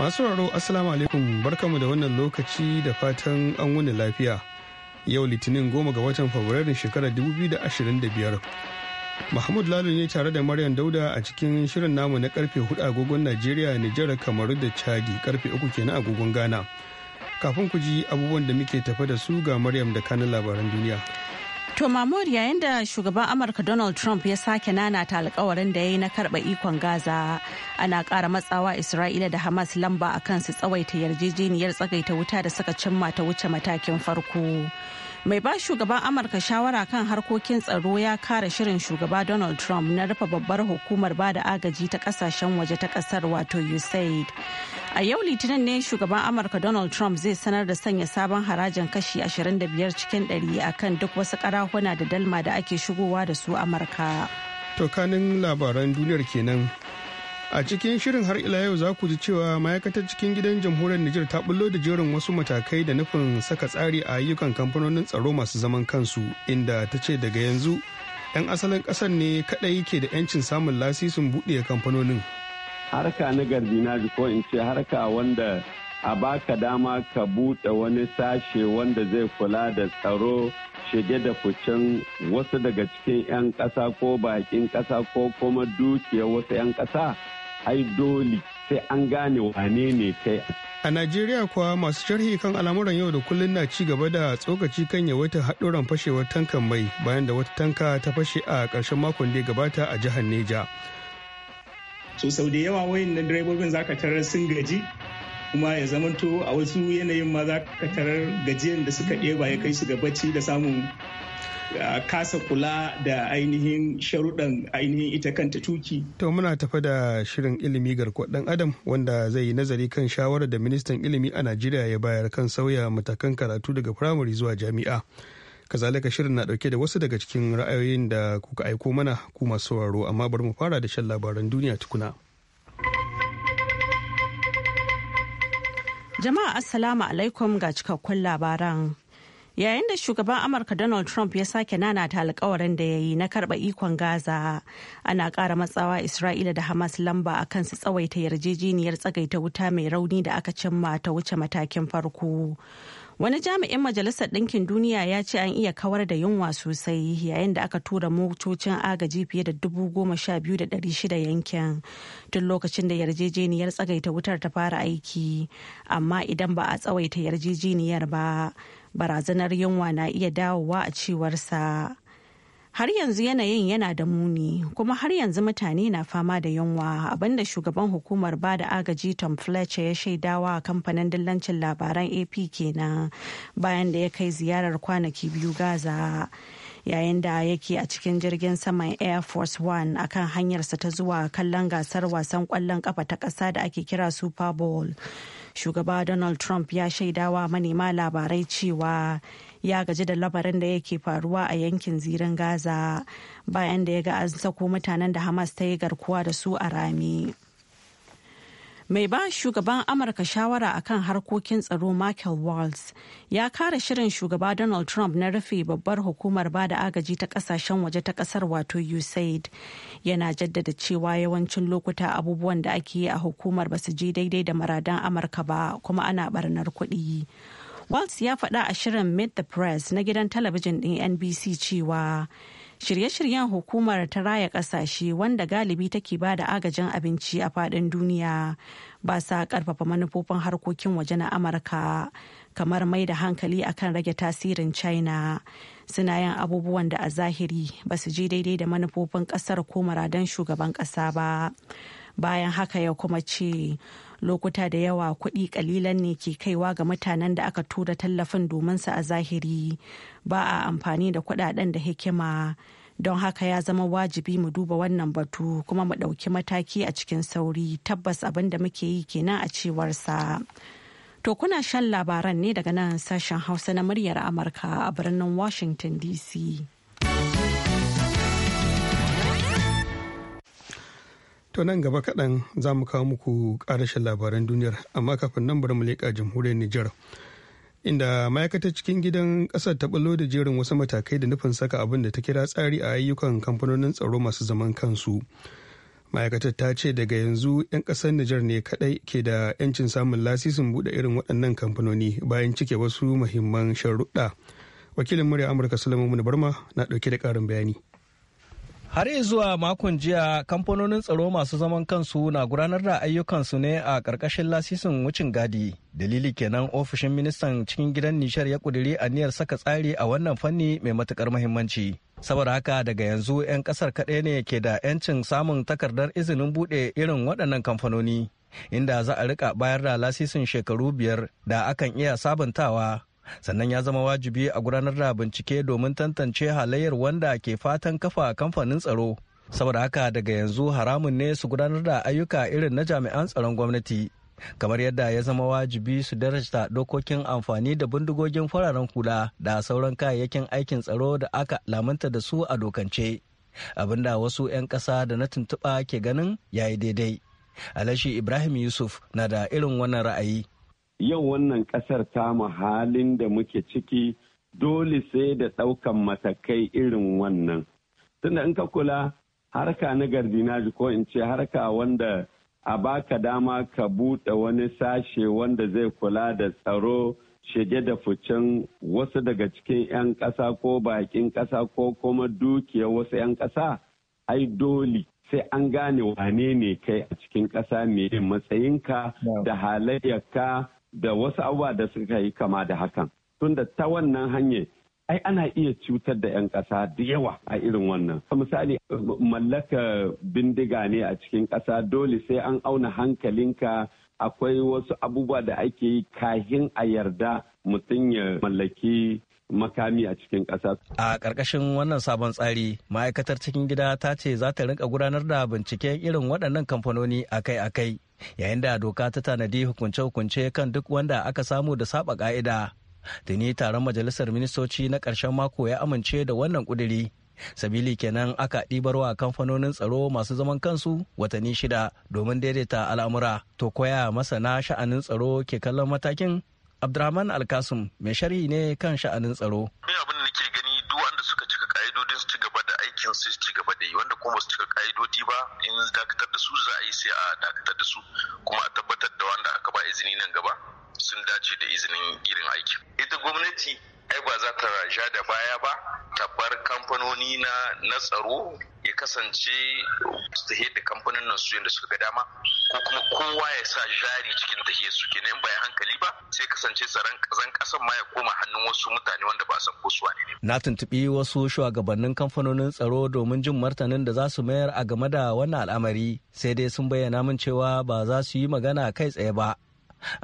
Masu raro Assalamu alaikum barkamu da wannan lokaci da fatan an wuni lafiya. Yau Litinin goma ga watan Fabrairun shekarar 2025. Mahmud Lalu ne tare da Maryam Dauda a cikin shirin namu na karfe 4 agogon Najeriya, Nijar, Kamaru da Chadi karfe 3 kenan agogon Ghana. Kafin ku ji abubuwan da muke tafa da su ga Maryam da kanin labaran duniya. To Mamur yayin da shugaban Amurka Donald Trump ya sake nanata alkawarin da ya yi na karɓa ikon Gaza ana ƙara matsawa Isra'ila da Hamas lamba a kansu tsawaita yarjejeniyar tsagaita wuta da suka cimma ta wuce matakin farko. Mai ba shugaban Amurka shawara kan harkokin tsaro ya kare shirin shugaba Donald Trump na rufe babbar hukumar ba da agaji ta kasashen waje ta kasar wato USAID. A yau Litinin ne shugaban Amurka Donald Trump zai sanar da sanya sabon harajin kashi 25 cikin 100 kan duk wasu karahuna da dalma da ake shigowa da su Amurka. Tokanin labaran duniyar kenan. A cikin shirin har ila yau za ku ji cewa ma'aikatar cikin gidan jamhuriyar Nijar ta bullo da jerin wasu matakai da nufin saka tsari a ayyukan kamfanonin tsaro masu zaman kansu inda ta ce daga yanzu 'yan asalin ƙasar ne kaɗai ke da 'yancin samun lasisin buɗe kamfanonin. harka na gardinaji ko in ce harka wanda a baka dama ka buɗe wani sashe wanda zai kula da tsaro shige da fucin wasu daga cikin 'yan ƙasa ko bakin ƙasa ko kuma dukiyar wasu 'yan ƙasa ai dole sai an gane wane ne kai a najeriya kuwa masu sharhi kan al'amuran yau da kullun na ci gaba da tsokaci kan yawaitar haɗuran fashewar tankan mai bayan da wata tanka ta fashe a ƙarshen makon da ya gabata a jihar neja so sau da yawa wayan wayannan direbobin ka tarar sun gaji kuma ya zamanto a wasu yanayin ma za ka tarar gajiyar da suka ɗeba ya kai su ga bacci da samun kasa kula da ainihin sharuɗan ainihin ita kanta tuki. To muna tafa da shirin ilimi garkuwa ɗan adam wanda zai yi nazari kan shawarar da ministan ilimi a Najeriya ya bayar kan sauya matakan karatu daga firamare zuwa jami'a. kazalika shirin na dauke da wasu daga cikin ra'ayoyin da kuka aiko mana ku masu sauraro amma bari mu fara da shan labaran duniya tukuna jama'a assalamu alaikum ga cikakkun labaran yayin da shugaban amurka donald trump ya sake nana ta alkawarin da ya yi na karba ikon gaza ana kara matsawa isra'ila da hamas lamba a su tsawaita yarjejeniyar tsagaita wuta mai rauni da aka cimma ta wuce matakin farko Wani jami'in Majalisar Ɗinkin Duniya ya ce an iya kawar da yunwa sosai yayin da aka tura motocin agaji fiye da dubu goma sha biyu da ɗari shida yankin tun lokacin da yarjejeniyar tsagaita wutar ta fara aiki. Amma idan ba a tsawaita yarjejeniyar ba, barazanar yunwa na iya dawowa a cewarsa. har yanzu yanayin yana da muni kuma har yanzu mutane na fama da yunwa abinda shugaban hukumar ba da agaji tom fletcher ya shaidawa a kamfanin dillancin labaran ap kenan bayan da ya kai ziyarar kwanaki biyu gaza yayin da yake a cikin jirgin saman air force one kan hanyarsa ta zuwa kallon gasar wasan kwallon kafa ta ƙasa da ake kira super bowl shugaba donald trump ya shaidawa manema labarai cewa ya gaji da labarin da yake faruwa a yankin zirin gaza bayan da ya ga an sako mutanen da hamas ta yi garkuwa da su a rami. mai ba shugaban amurka shawara a kan harkokin tsaro michael walls ya kare shirin shugaba donald trump na rufe babbar hukumar ba da agaji ta kasashen waje ta kasar wato usaid yana jaddada cewa yawancin lokuta abubuwan da ake yi a hukumar ba su je daidai da maradan amurka ba kuma ana barnar kuɗi walls ya faɗa a shirin meet the press na gidan talabijin ɗin nbc cewa shirye-shiryen hukumar ta raya kasashe wanda galibi take ba da agajin abinci a fadin duniya ba sa karfafa manufofin harkokin waje na amurka kamar mai da hankali akan rage tasirin china suna yin abubuwan da a zahiri ba su je daidai da manufofin kasar ko muradan shugaban kasa ba bayan haka ya kuma ce lokuta da yawa kuɗi ƙalilan ne ke kaiwa ga mutanen da aka tura tallafin domin su a zahiri ba a amfani da kuɗaɗen da hikima don haka ya zama wajibi mu duba wannan batu kuma mu ɗauki mataki a cikin sauri tabbas abin da muke yi kenan a cewar sa to kuna shan labaran ne daga nan sashen hausa na muryar amurka a birnin washington dc To nan gaba kaɗan za mu kawo muku ƙarashin labaran duniyar amma kafin nan bari mu leƙa jamhuriyar Nijar. Inda ma'aikatar cikin gidan ƙasar ta ɓullo da jerin wasu matakai da nufin saka abin da ta kira tsari a ayyukan kamfanonin tsaro masu zaman kansu. Ma'aikatar ta ce daga yanzu 'yan ƙasar Nijar ne kaɗai ke da 'yancin samun lasisin buɗe irin waɗannan kamfanoni bayan cike wasu muhimman sharuɗa. Wakilin murya Amurka Sulaiman Barma na ɗauke da ƙarin bayani. Har zuwa makon jiya kamfanonin tsaro masu zaman kansu na gudanar da ayyukansu ne a ƙarƙashin lasisin wucin gadi. Dalili kenan ofishin ministan cikin gidan nishar ya ƙudiri aniyar saka tsari a wannan fanni mai matuƙar muhimmanci. Saboda haka daga yanzu 'yan ƙasar kaɗai ne ke da 'yancin samun takardar izinin buɗe irin waɗannan kamfanoni. Inda za a rika bayar da lasisin shekaru biyar da akan iya sabuntawa sannan ya zama wajibi a gudanar da bincike domin tantance halayyar wanda ke fatan kafa kamfanin tsaro saboda haka daga yanzu haramun ne su gudanar da ayyuka irin na jami'an tsaron gwamnati kamar yadda ya zama wajibi su darajta dokokin amfani da bindigogin fararen hula da sauran kayayyakin aikin tsaro da aka lamunta da su a dokance abinda wasu 'yan kasa da na tuntuɓa ke ganin yayi daidai alashi ibrahim yusuf na da irin wannan ra'ayi yau wannan kasar tamu halin da muke ciki dole sai da ɗaukan matakai irin wannan tunda in ka kula harka na gardinaji ko in ce harka wanda a baka dama ka buɗe wani sashe wanda zai kula da tsaro shige da ficen wasu daga cikin 'yan ƙasa ko baƙin ƙasa ko kuma dukiya wasu 'yan ƙasa ai dole sai an gane wane ne kai a cikin ƙasa mai matsayinka da halayyarka da wasu abubuwa da suka yi kama da hakan tunda ta wannan hanyar ai ana iya cutar da 'yan ƙasa da yawa a irin wannan misali mallaka bindiga ne a cikin ƙasa dole sai an auna hankalinka akwai wasu abubuwa da ake yi kahin a yarda mutum ya mallaki makami a cikin ƙasa. A ƙarƙashin wannan sabon tsari, ma'aikatar cikin gida ta ce za ta rinka gudanar da binciken irin waɗannan kamfanoni akai-akai, yayin da doka ta tanadi hukunce-hukunce kan duk wanda aka samu da saba ƙa'ida. Tuni taron majalisar ministoci na ƙarshen mako ya amince da wannan ƙuduri. Sabili kenan aka ɗibarwa kamfanonin tsaro masu zaman kansu watanni shida domin daidaita al'amura. To koya masana sha'anin tsaro ke kallon matakin? Abdurrahman Alkasum mai sharhi ne kan sha'anin tsaro. Ni abin da nake gani duk wanda suka cika ka'idodin su ci gaba da aikin su ci gaba da yi wanda kuma su cika ka'idodi ba in dakatar da su za a yi sai a dakatar da su kuma a tabbatar da wanda aka ba izini nan gaba sun dace da izinin irin aikin. Ita gwamnati ai ba za ta raja da baya ba ta bar kamfanoni na na tsaro ya kasance su tahe da kamfanin nan su yadda suka dama ko kuma kowa ya sa jari cikin tahiyar su na ba bayan hankali ba sai kasance tsaron kazan kasan ma ya koma hannun wasu mutane wanda ba san ko su wane ne na tuntubi wasu shugabannin kamfanonin tsaro domin jin martanin da za su mayar a game da wannan al'amari sai dai sun bayyana min cewa ba za su yi magana kai tsaye ba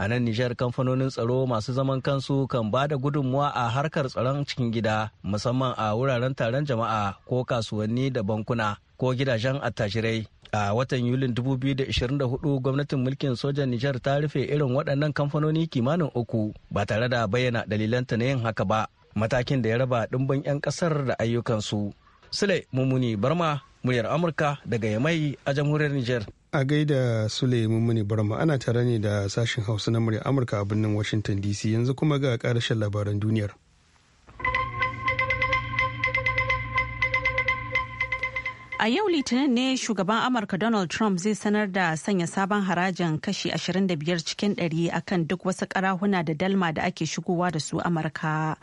a nan nijar kamfanonin tsaro masu zaman kansu kan ba da gudunmuwa a harkar tsaron cikin gida musamman a wuraren taron jama'a ko kasuwanni da bankuna ko gidajen attajirai a watan yulin 2024 gwamnatin mulkin sojan nijar ta rufe irin waɗannan kamfanoni kimanin uku ba tare da bayyana dalilanta na yin haka ba matakin da ya raba ɗumbin 'yan ƙasar da ayyukansu sule mummuni barma muryar amurka daga yamai a jamhuriyar nijar a gaida Suleiman Muni Barma ana tare ne da sashen Hausa na murya Amurka a birnin Washington DC yanzu kuma ga karashen labaran duniyar. A yau Litinin ne shugaban Amurka Donald Trump zai sanar da sanya sabon harajin kashi 25 cikin 100 akan duk wasu karahuna da dalma da ake shigowa da su Amurka.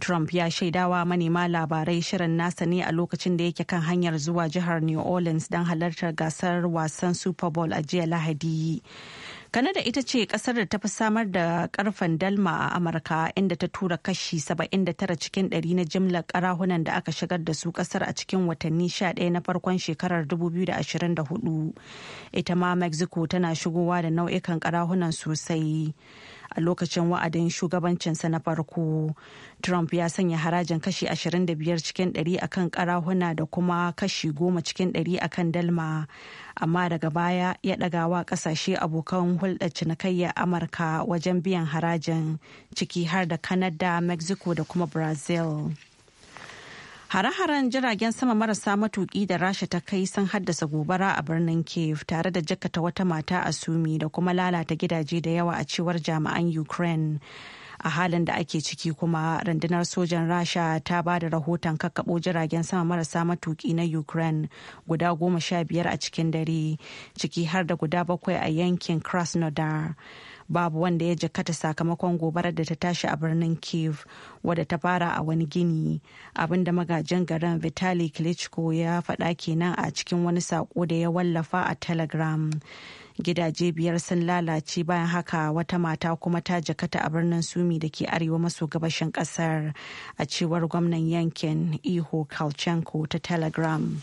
Trump ya shaidawa manema labarai shirin nasa ne a lokacin da yake kan hanyar zuwa jihar New Orleans don halartar gasar wasan Super Bowl a jiya Lahadi. Kanada ita ce kasar da ta fi samar da karfen dalma a Amurka inda ta tura kashi 79 cikin 100 na jimlar karahunan da aka shigar da su kasar a cikin watanni 11 na farkon shekarar 2024. Ita ma Mexico tana shigowa da nau'ikan karahunan sosai. a lokacin wa'adin shugabancinsa na farko trump ya sanya harajin kashi 25 cikin 100 akan karahuna da kuma kashi 10 cikin 100 akan dalma amma daga baya ya ɗagawa ƙasashe abokan hulɗar cinikayya amurka wajen biyan harajin ciki har da Kanada mexico da kuma brazil Hare-haren jiragen sama marasa matuki da rasha ta kai sun haddasa gobara a birnin Kiev tare da jakata wata mata a Sumi da kuma lalata gidaje da yawa a cewar jami'an Ukraine. A halin da ake ciki kuma rundunar sojan rasha ta ba da rahoton kakkaɓo jiragen sama marasa matuki na Ukraine guda goma sha biyar a cikin dare, ciki har da guda bakwai a yankin Krasnodar. babu wanda ya jikkata sakamakon gobarar da ta tashi a birnin kiev wadda ta fara a wani gini abinda magajin garin vitali klitschko ya faɗa kenan a cikin wani saƙo da ya wallafa a telegram gidaje biyar sun lalace bayan haka wata mata kuma ta jakata a birnin sumi da ke arewa maso gabashin ƙasar, a cewar gwamnan yankin iho kalchenko ta telegram.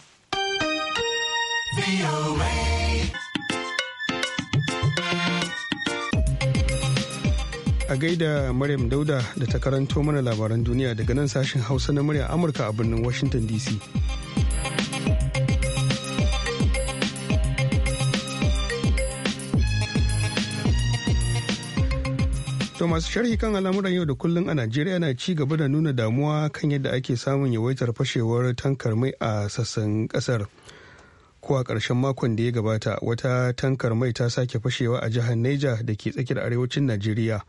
a gaida Maryam Dauda da ta karanto mana labaran duniya daga nan sashen Hausa na murya Amurka a birnin Washington DC. To masu sharhi kan al'amuran yau da kullun a Najeriya na ci gaba da nuna damuwa kan yadda ake samun yawaitar fashewar tankar mai a sassan kasar. Ko a ƙarshen makon da ya gabata wata tankar mai ta sake fashewa a jihar Neja da ke tsakiyar arewacin Najeriya.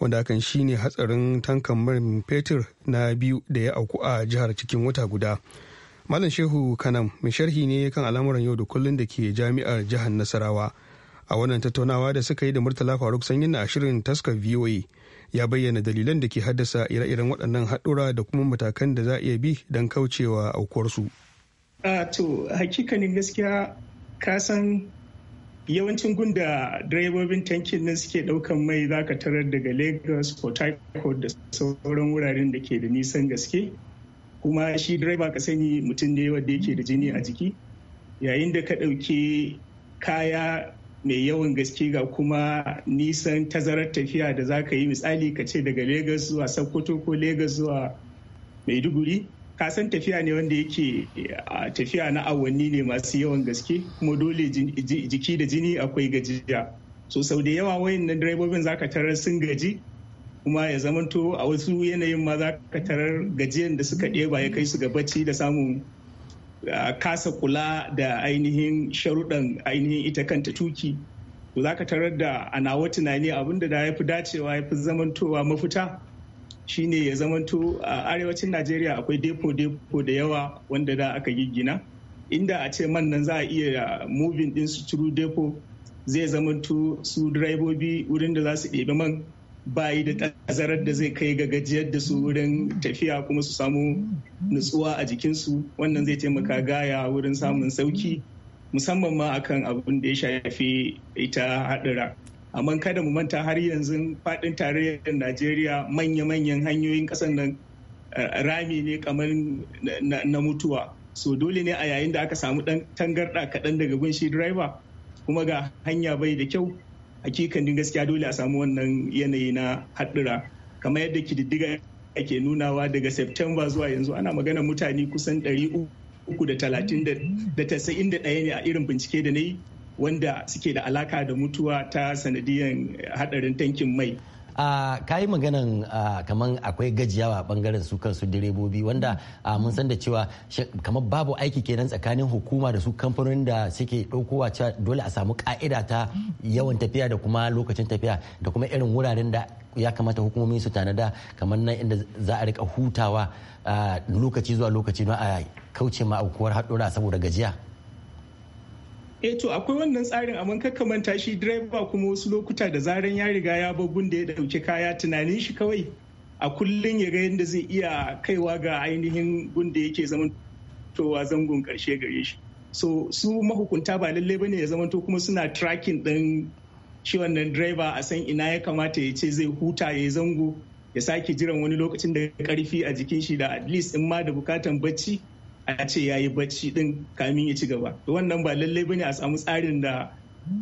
wanda hakan shine hatsarin tankan man fetur na biyu da ya auku a jihar cikin wata guda malam shehu kanam mai sharhi ne kan al'amuran yau da kullun da ke jami'ar jihar nasarawa a wannan tattaunawa da suka yi da murtala faruk sanyin na shirin taskar voa ya bayyana dalilan da ke haddasa ire-iren waɗannan haɗura da kuma matakan da za a iya bi don kaucewa aukuwarsu. Ah, to hakikanin gaskiya ka san yawancin gunda direbobin tankin nan suke daukan mai zaka tarar daga lagos port harcourt da sauran wuraren da ke da nisan gaske kuma shi direba ka sani mutum ne wanda yake da jini a jiki yayin da ka ɗauki kaya mai yawan gaske ga kuma nisan tazarar tafiya da za ka yi misali ka ce daga lagos zuwa sokoto ko lagos zuwa maiduguri ka san tafiya ne wanda yake tafiya na awanni ne masu yawan gaske kuma dole jiki da jini akwai gajiya so sau da yawa wayannan direbobin zaka tarar sun gaji kuma ya zamanto a wasu yanayin ma za ka tarar gajiyan da suka ɗeba ya kai su ga bacci da samun kasa kula da ainihin sharuɗan ainihin ita kanta tuki za ka tarar da a nawa tunani abinda da ya fi dacewa ya fi zamantowa mafita shine ya zamanto a arewacin najeriya akwai depo-depo da yawa wanda da aka giggina inda a ce man nan za a iya moving din su through depo zai zamanto su direbobi wurin da za su ɗebi man bayi da tazarar da zai kai ga gajiyar da su wurin tafiya kuma su samu nutsuwa a jikinsu wannan zai taimaka gaya wurin samun sauki musamman ma akan abin da ya shafi ita haɗura amma kada mu manta har yanzu faɗin tarayyar najeriya manya-manyan hanyoyin kasan nan eh, rami ne kamar na mutuwa so dole ne a yayin da aka samu dan tangarɗa kaɗan daga gunshi driver kuma ga hanya bai da kyau hakikanin gaskiya dole a samu wannan yanayi na haɗura kamar yadda kididdiga ake nunawa daga september zuwa yanzu ana magana mutane kusan 391 ne a irin bincike da na yi wanda suke da alaka da mutuwa ta sanadiyan hadarin tankin mai Uh, ka yi maganan uh, kamar akwai gajiyawa bangaren su kansu direbobi wanda uh, mun san da cewa kamar babu aiki kenan tsakanin hukuma da su kamfanonin da suke ɗaukowa cewa dole a samu ka'ida ta yawan tafiya da kuma lokacin tafiya da kuma irin wuraren da ya kamata hukumomi su tanada kamar nan inda za a rika hutawa lokaci zuwa lokaci na a kauce ma aukuwar haɗura saboda gajiya. e to akwai wannan tsarin amma kakka manta shi direba kuma wasu lokuta da zaran ya riga ya babbun da ya dauki kaya tunanin shi kawai a kullum ya ga yadda zai iya kaiwa ga ainihin gunda yake zaman towa zangon karshe gare shi so su mahukunta ba lallai bane ya zamanto kuma suna tracking din shi wannan direba a san ina ya kamata ya ce zai huta ya zango ya sake jiran wani lokacin da karfi a jikin shi da at least in ma da bukatan bacci a ce ya yi bacci din kamin ya ci gaba wannan ba lallai ba ne a samu tsarin da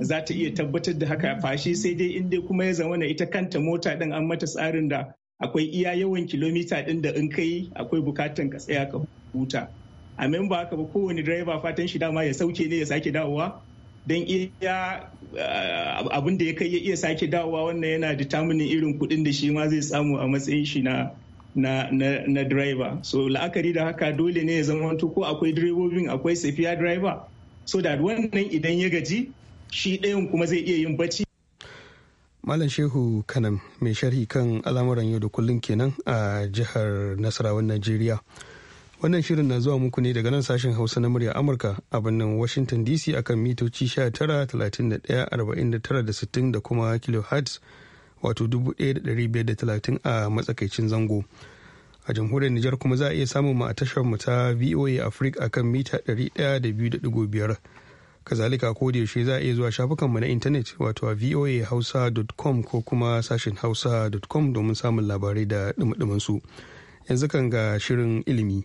za ta iya tabbatar da haka fashi sai dai inda kuma ya zama na ita kanta mota din an mata tsarin da akwai iya yawan kilomita din da in kai akwai bukatan ka tsaya ka huta a ba haka ba kowane direba fatan shi dama ya sauke ne ya sake dawowa don iya eh, abin da ya kai ya iya sake dawowa wannan yana determining irin kuɗin da shi ma zai samu a matsayin shi na na, na, na driver so la'akari da haka dole ne ya zama ko akwai direbobin akwai safiya driver so da wannan idan ya gaji shi ɗayan kuma zai iya yin bacci Malam Shehu Kanam mai sharhi kan al'amuran yau da kullum kenan a jihar Nasarawan Najeriya. Wannan shirin na zuwa muku ne daga nan sashen Hausa na murya Amurka a birnin Washington DC akan mitoci 19, 31, 49 da kuma kilohertz wato 1,530 a matsakaicin zango. A jamhuriyar Nijar kuma za a iya samun mu a tashar mu ta VOA Africa kan mita 102.5. Kazalika ko da yaushe za a iya zuwa shafukan mu na intanet wato a voa hausa.com ko kuma sashin hausa.com domin samun labarai da dumadumansu. Yanzu kan ga shirin ilimi.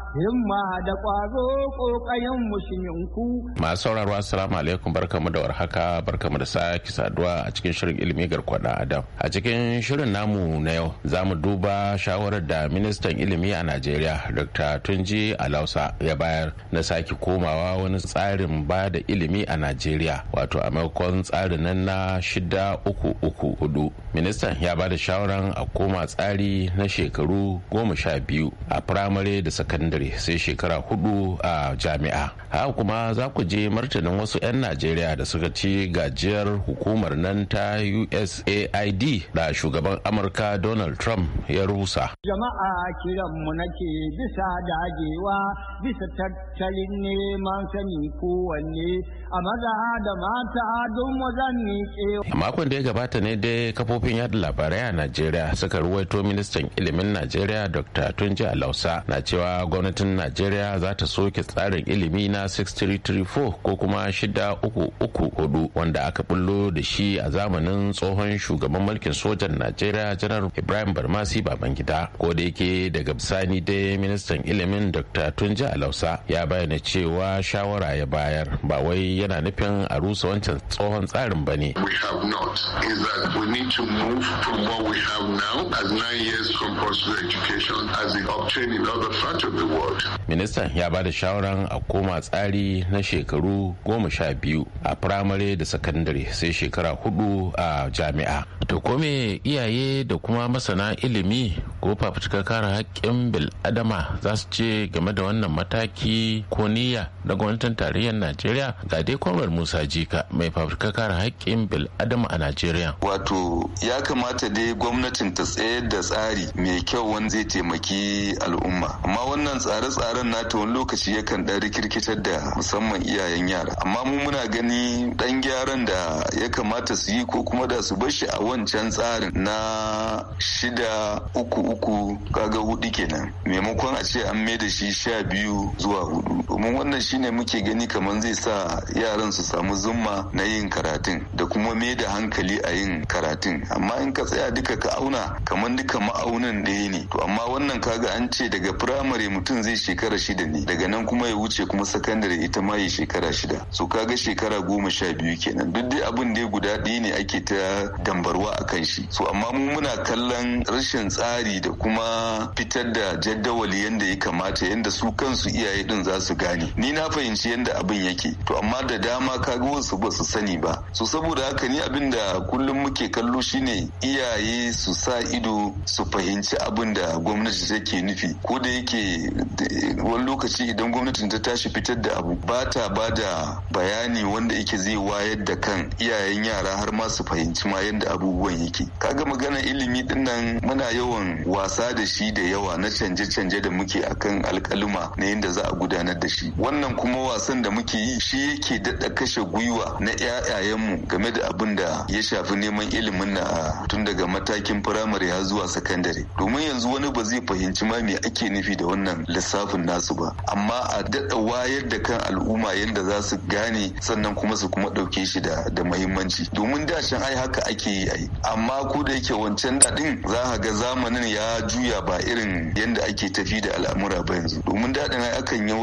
himma da ƙwazo ƙoƙayen mushinku. Masu sauraro assalamu alaikum barkamu da warhaka barkamu da saki, saduwa a cikin shirin ilimi garkuwa da adam. A cikin shirin namu na yau za mu duba shawarar da ministan ilimi a Najeriya Dr. Tunji Alausa ya bayar na sake komawa wani tsarin ba da ilimi a Najeriya wato a maimakon tsarin nan na shida uku uku hudu. Ministan ya ba da shawaran a koma tsari na shekaru goma sha biyu a firamare da sakandare firamare sai shekara hudu a jami'a haka kuma za ku je martanin wasu 'yan najeriya da suka ci gajiyar hukumar nan ta usaid da shugaban amurka donald trump ya rusa jama'a kiranmu nake bisa dagewa bisa tattalin neman sani kowanne a maza da mata don wajen nike makon da ya gabata ne dai kafofin yada labarai a najeriya suka ruwaito ministan ilimin najeriya dr tunji alausa na cewa gwamnati gwamnatin najeriya za ta soke tsarin ilimi na 6334 ko kuma 6334 wanda aka bullo da shi a zamanin tsohon shugaban mulkin sojan najeriya janar ibrahim barmasi babangida ko da yake daga bisani dai ministan ilimin dr tunji alausa ya bayyana cewa shawara ya bayar ba wai yana nufin a rusa wancan tsohon tsarin ba ne as nine years compulsory education as in other parts of the world Ministan ya ba da shawaran a koma tsari na shekaru goma sha biyu a firamare da sakandare sai shekara hudu a jami'a. To kome iyaye da kuma masana ilimi ko fafutukar kare haƙƙin adama za su ce game da wannan mataki ko niyya na gwamnatin tarayyar Najeriya ga dai kwamar Musa Jika mai fafutukar kare haƙƙin bil'adama a Najeriya. Wato ya kamata dai gwamnatin ta tsayar da tsari mai kyau wanda zai taimaki al'umma. Amma wannan tsare-tsaren nata wani lokaci yakan ɗan rikirkitar da musamman iyayen yara amma mu muna gani ɗan gyaran da ya kamata su yi ko kuma da su bashi a wancan tsarin na shida uku uku kaga hudu kenan maimakon a ce an mai da shi sha biyu zuwa hudu domin wannan shine muke gani kamar zai sa yaran su samu zumma na yin karatun da kuma mai da hankali a yin karatun amma in ka tsaya duka ka auna kamar duka ma'aunin ɗaya ne to amma wannan kaga an ce daga firamare mutum zai shekara shida ne daga nan kuma ya wuce kuma sakandare ita ma ya shekara shida so kaga shekara goma sha biyu kenan duk dai abin dai guda ɗaya ne ake ta dambarwa a kan shi so amma mu muna kallon rashin tsari da kuma fitar da jaddawali yadda ya kamata yadda su kansu iyaye din za su gane ni na fahimci yadda abin yake to amma da dama kaga wasu ba su sani ba so saboda haka ni abin da kullum muke kallo shine iyaye su sa ido su fahimci abin da gwamnati take nufi ko da yake wani lokaci idan gwamnatin ta tashi fitar da abu ba ta ba da bayani wanda yake zai wayar da kan iyayen yara har ma su fahimci ma yadda abubuwan yake kaga magana ilimi din nan muna yawan wasa da shi da yawa na canje-canje da muke akan alkaluma na yadda za a gudanar da shi wannan kuma wasan da muke yi shi yake daɗa kashe gwiwa na 'ya'yayenmu game da abin da ya shafi neman ilimin na tun daga matakin firamare har zuwa sakandare domin yanzu wani ba zai fahimci ma me ake nufi da wannan lissafin nasu ba amma a daɗa wayar da kan al'umma yadda za su gane sannan kuma su kuma ɗauke shi da da muhimmanci domin dashin ai haka ake yi ai amma ko da yake wancan daɗin za ka ga zamanin ya juya ba irin yadda ake tafi da al'amura ba yanzu domin daɗin ai akan yi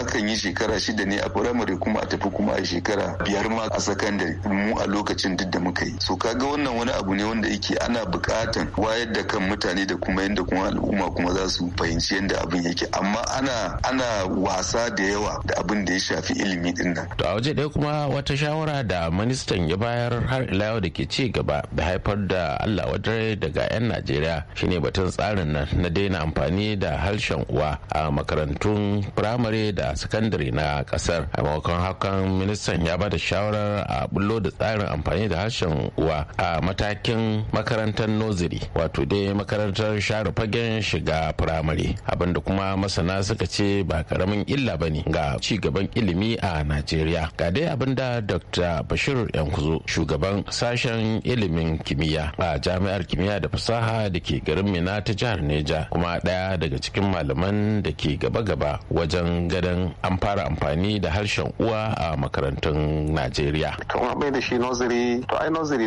akan yi shekara shida ne a firamare kuma a tafi kuma a shekara biyar ma a sakandare mu a lokacin duk da muka yi so kaga wannan wani abu ne wanda yake ana bukatan wayar da kan mutane da kuma yadda kuma al'umma kuma za su fahimci yadda abin yake amma ana ana wasa da yawa da abin da ya shafi ilimi din nan to a waje ɗaya kuma wata shawara da ministan ya bayar har ila yau da ke ci gaba da haifar da Allah wadare daga 'yan Najeriya shine batun tsarin nan na daina amfani da harshen uwa a makarantun firamare da sakandare na kasar a maimakon hakan ministan ya bada shawarar a bullo da tsarin amfani da harshen uwa a matakin makarantar noziri wato dai makarantar share fagen shiga firamare abinda kuma masana suka ce ba karamin illa ba ne ga ci gaban ilimi a najeriya ga dai abin da dr bashir yankuzo shugaban sashen ilimin kimiyya a jami'ar kimiyya da fasaha da ke garin mina ta jihar neja kuma ɗaya daga cikin malaman da ke gaba-gaba wajen gadon an fara amfani da harshen uwa a makarantun najeriya kamar bai da shi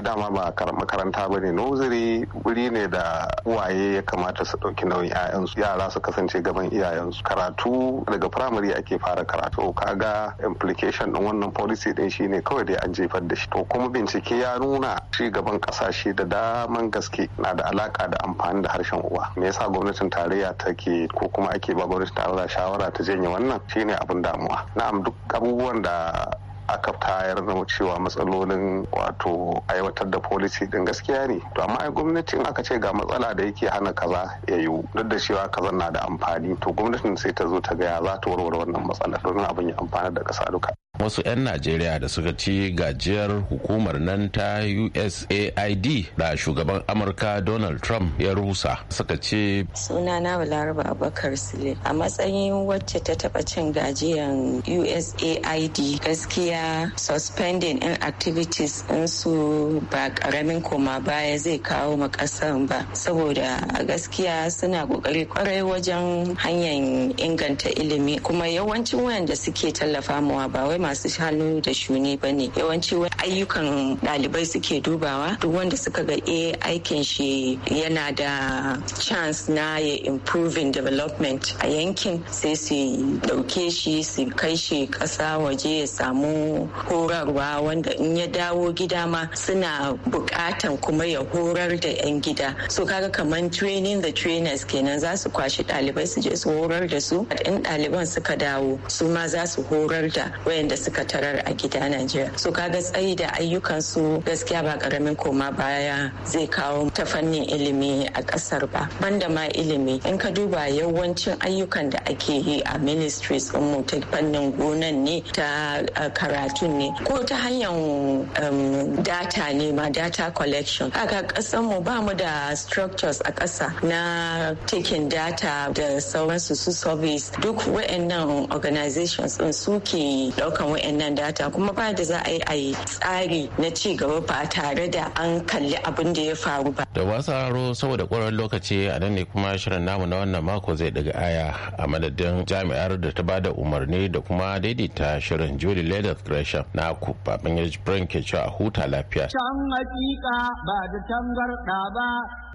dama ba makaranta ba ne wuri ne da uwaye ya kamata su ɗauki nauyin 'ya'yansu yara su kasance gaban iya. yanzu karatu daga firamare ake fara karatu kaga implication din wannan policy din shine kawai dai an jefar da shi to kuma bincike ya nuna shi gaban kasashe da daman gaske na da alaka da amfani da harshen uwa me yasa gwamnatin tarayya take ko kuma ake ba gwamnatin tarayya shawara ta janye wannan shine abin damuwa na'am duk abubuwan da aka tayar da cewa matsalolin wato aiwatar da policy din gaskiya ne to amma ai gwamnati in aka ce ga matsala da yake hana kaza ya yiwu duk da cewa kaza na da amfani to gwamnatin sai ta zo ta gaya za ta warware wannan matsala domin abin ya amfana da ƙasa duka wasu 'yan najeriya da suka ci gajiyar hukumar nan ta usaid da shugaban amurka donald trump ya rusa suka ce sunana balaraba abubakar sule a matsayin wacce ta taba cin gajiyan usaid gaskiya suspending in activities su ba karamin koma baya zai kawo makasan ba saboda gaskiya suna kokari kwarai wajen hanyar inganta ilimi kuma yawancin wayanda suke tallafa mawa ba wai masu hannu da shuni ba ne yawanci wani ayyukan ɗalibai suke dubawa duk wanda suka ga e aikin shi yana da chance na ya improving development a yankin sai su dauke shi su kai shi ƙasa waje ya samu horarwa wanda in ya dawo gida ma suna buƙatan kuma ya horar da 'yan gida so kaga kamar training the trainers kenan za su kwashi ɗalibai su je su horar da su in ɗaliban suka dawo su ma za su horar da wayanda da suka tarar a gida Najeriya. So ga tsayi da ayyukan gaskiya ba karamin koma baya zai kawo ta fannin ilimi a kasar ba. Banda ma ilimi in ka duba yawancin ayyukan da ake yi a ministries din mu ta fannin gonan ne ta karatun ne ko ta hanyar um, data ne ma data collection. aka kasar mu ba mu da structures a kasa na taking data da sauransu su service duk waɗannan organizations din suke ɗaukar dukkan wayannan data kuma ba da za a yi a yi tsari na ci gaba ba tare da an kalli abin da ya faru ba da wasu haro saboda kwarar lokaci a nan ne kuma shirin namu na wannan mako zai daga aya a madadin jami'ar da ta bada umarni da kuma daidaita shirin juli ledas gresham na ku babin ya ke cewa huta lafiya can hakika ba da tangarɗa ba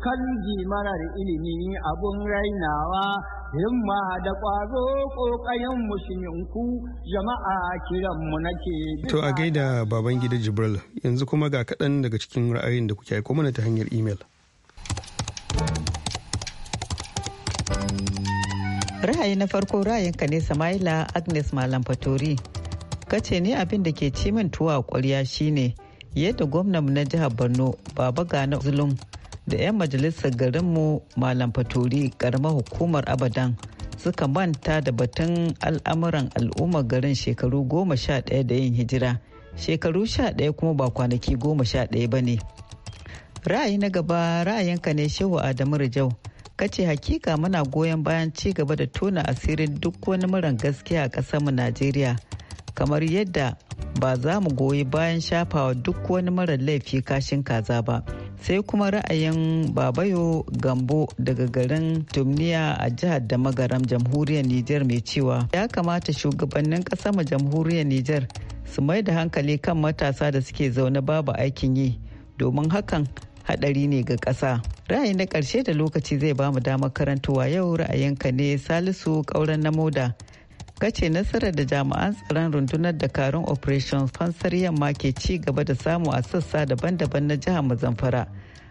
kanji marar ilimi abun rainawa himma da ƙwazo ƙoƙayen musulminku jama'a kiranmu nake to a gaida baban gida jibril yanzu kuma ga kaɗan daga cikin ra'ayin da kuke aiko mana ta hanyar imel ra'ayi na farko ra'ayinka ne samaila agnes malam fatori kace ne abin da ke ci min tuwa a ƙwarya shine yadda gwamnan na jihar borno baba gana zulum da 'yan majalisar garinmu malam fatori karamar hukumar abadan suka manta da batun al'amuran al'ummar garin shekaru goma sha ɗaya da yin hijira shekaru sha ɗaya kuma ba kwanaki goma sha ɗaya ba ne ra'ayi na gaba ra'ayinka ne shehu adamu rijau kace hakika muna goyon bayan ci gaba da tona asirin duk wani muran gaskiya a ƙasarmu najeriya kamar yadda ba za mu goyi bayan shafawa duk wani mara laifi kashin kaza ba sai kuma ra'ayin babayo gambo daga garin tumniya a jihar da magaram jamhuriyar niger mai cewa ya kamata shugabannin ma jamhuriyar niger su mai da hankali kan matasa da suke zaune babu aikin yi domin hakan hadari ne ga ƙasa ra'ayi na ƙarshe da lokaci zai ba mu damar karantowa yau ra'ayinka ne salisu ƙauren na moda kace nasara da jami'an tsaron rundunar dakarun operation fansar yamma ke ci gaba da samu a sassa daban-daban na jihar mazamfara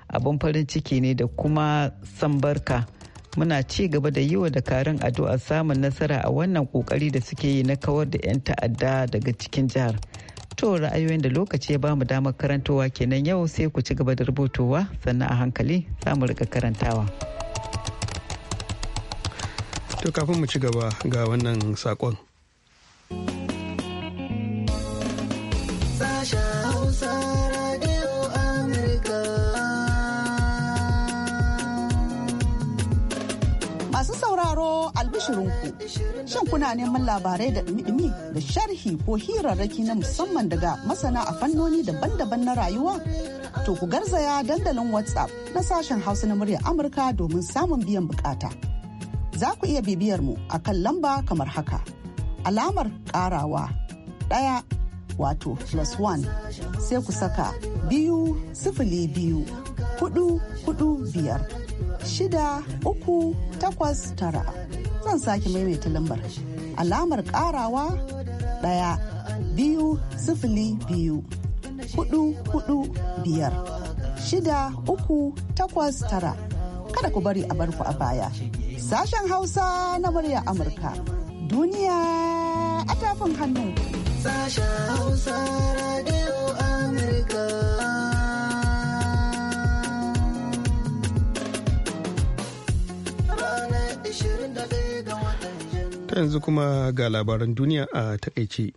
abin farin ciki ne da kuma sambarka muna ci gaba da yi wa dakarun addu'a samun nasara a wannan kokari da suke yi na kawar da 'yan ta'adda daga cikin jihar to ra'ayoyin da lokaci ya bamu damar karantowa kenan yau sai ku ci gaba da rubutowa sannan a hankali za mu rika karantawa. To kafin mu ci gaba ga wannan sakon. Sasha Masu sauraro albishirinku, shin kuna neman labarai da ɗumi da sharhi ko hirarraki na musamman daga masana a fannoni daban-daban na rayuwa? To ku garzaya dandalin WhatsApp na sashen Hausa na murya Amurka domin samun biyan bukata. za ku iya bibiyar mu a kan lamba kamar haka. Alamar karawa ɗaya wato plus one sai ku saka biyu sifili biyu hudu hudu biyar shida uku takwas tara zan sake maimaita lambar alamar karawa ɗaya biyu sifili biyu hudu hudu biyar shida uku takwas tara kada ku bari a barku a baya Sashen Hausa na muryar Amurka. Duniya a tafin hannu. Sashen Hausa Radio Amurka. Ta yanzu kuma ga labaran duniya a takaice.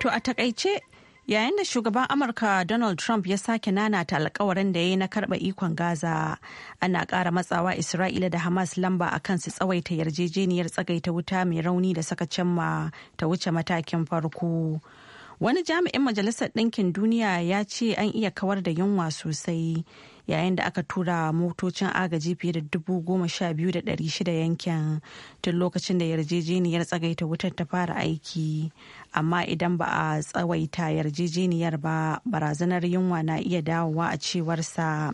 To a takaice yayin da shugaban amurka donald trump ya sake nanata alkawarin da ya yi na karba ikon gaza ana ƙara matsawa isra'ila da hamas lamba a su tsawaita yarjejeniyar tsagaita wuta mai rauni da saka cimma ta wuce matakin farko wani jami'in majalisar ɗinkin duniya ya ce an iya kawar da yunwa sosai yayin da aka tura motocin agaji fiye da dubu goma sha biyu da ɗari shida yankin tun lokacin da yarjejeniyar tsagaita wutar ta fara aiki amma idan ba a tsawaita yarjejeniyar ba barazanar yunwa na iya dawowa a cewarsa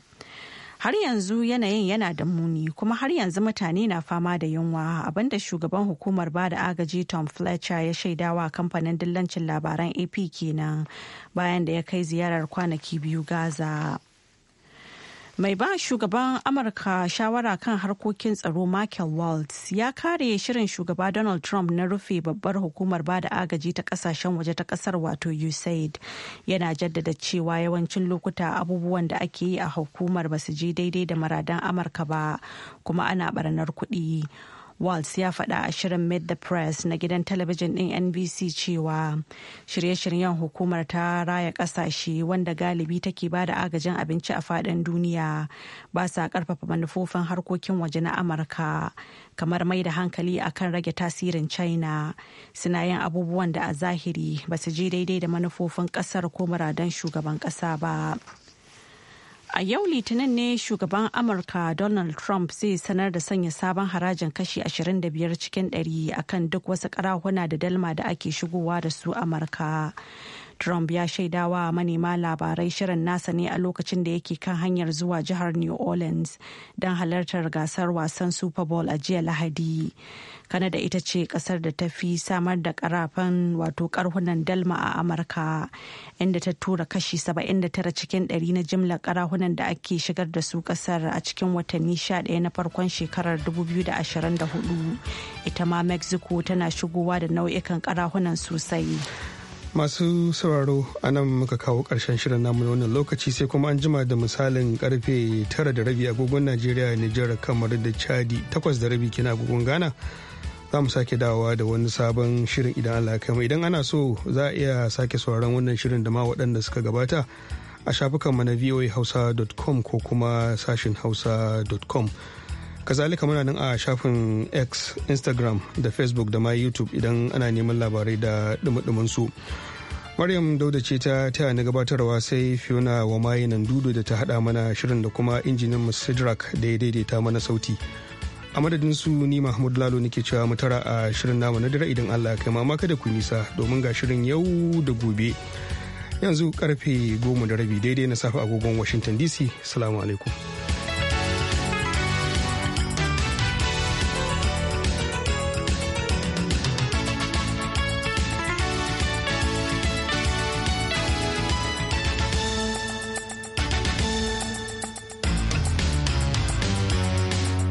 har yanzu yanayin yana da muni kuma har yanzu mutane na fama da yunwa abinda shugaban hukumar bada agaji tom fletcher ya shaidawa kamfanin dillancin labaran ap kenan bayan da ya kai ziyarar kwanaki biyu gaza mai ba shugaban amurka shawara kan harkokin tsaro michael waltz ya kare shirin shugaba donald trump na rufe babbar hukumar ba da agaji ta kasashen waje ta kasar wato usaid yana jaddada cewa yawancin lokuta abubuwan da ake yi a hukumar ba su je daidai da maradan amurka ba kuma ana baranar kuɗi Walz ya faɗa a shirin Meet the Press na gidan talabijin ɗin NBC cewa shirye-shiryen hukumar ta raya ƙasashe wanda galibi take ba da agajin abinci a faɗin duniya ba sa ƙarfafa manufofin harkokin waje na Amurka kamar mai da hankali akan rage tasirin China suna yin abubuwan da a zahiri ba su je daidai da manufofin ƙasar ko muradan shugaban ƙasa ba. A yau Litinin ne shugaban Amurka Donald Trump zai sanar da sanya sabon harajin kashi 25 cikin 100 akan duk wasu karahuna da dalma da ake shigowa da su Amurka. Trump ya shaidawa manema labarai shirin nasa ne a lokacin da yake kan hanyar zuwa jihar New Orleans don halartar gasar wasan Super Bowl a jiya Lahadi. Kanada ita ce kasar da ta fi samar da karafan wato karhunan dalma a Amurka inda ta tura kashi 79 cikin 100 na jimla karahunan da ake shigar da su kasar a cikin watanni 11 na farkon shekarar 2024. Ita ma Mexico tana shigowa da nau'ikan karahunan sosai. masu sauraro a nan muka kawo karshen shirin namu na wannan lokaci sai kuma an jima da misalin karfe tara da rabi agogon najeriya nijar kamar da chadi takwas da rabi kina agogon ghana za mu sake dawowa da wani sabon shirin idan allah kai idan ana so za a iya sake sauraron wannan shirin da ma waɗanda suka gabata a shafukanmu na voahausa.com ko kuma sashin hausa.com kazalika muna nan a shafin x instagram da facebook da ma youtube idan ana neman labarai da dumudumin su maryam dauda ce ta taya na gabatarwa sai fiona wa maye nan dudu da ta hada mana shirin da kuma injinin sidrak da ya daidaita mana sauti a madadin su ni mahmud lalo nake cewa mu tara a shirin namu na dare idan allah kai ma kada ku nisa domin ga shirin yau da gobe yanzu karfe goma da rabi daidai na safe agogon washington dc salamu alaikum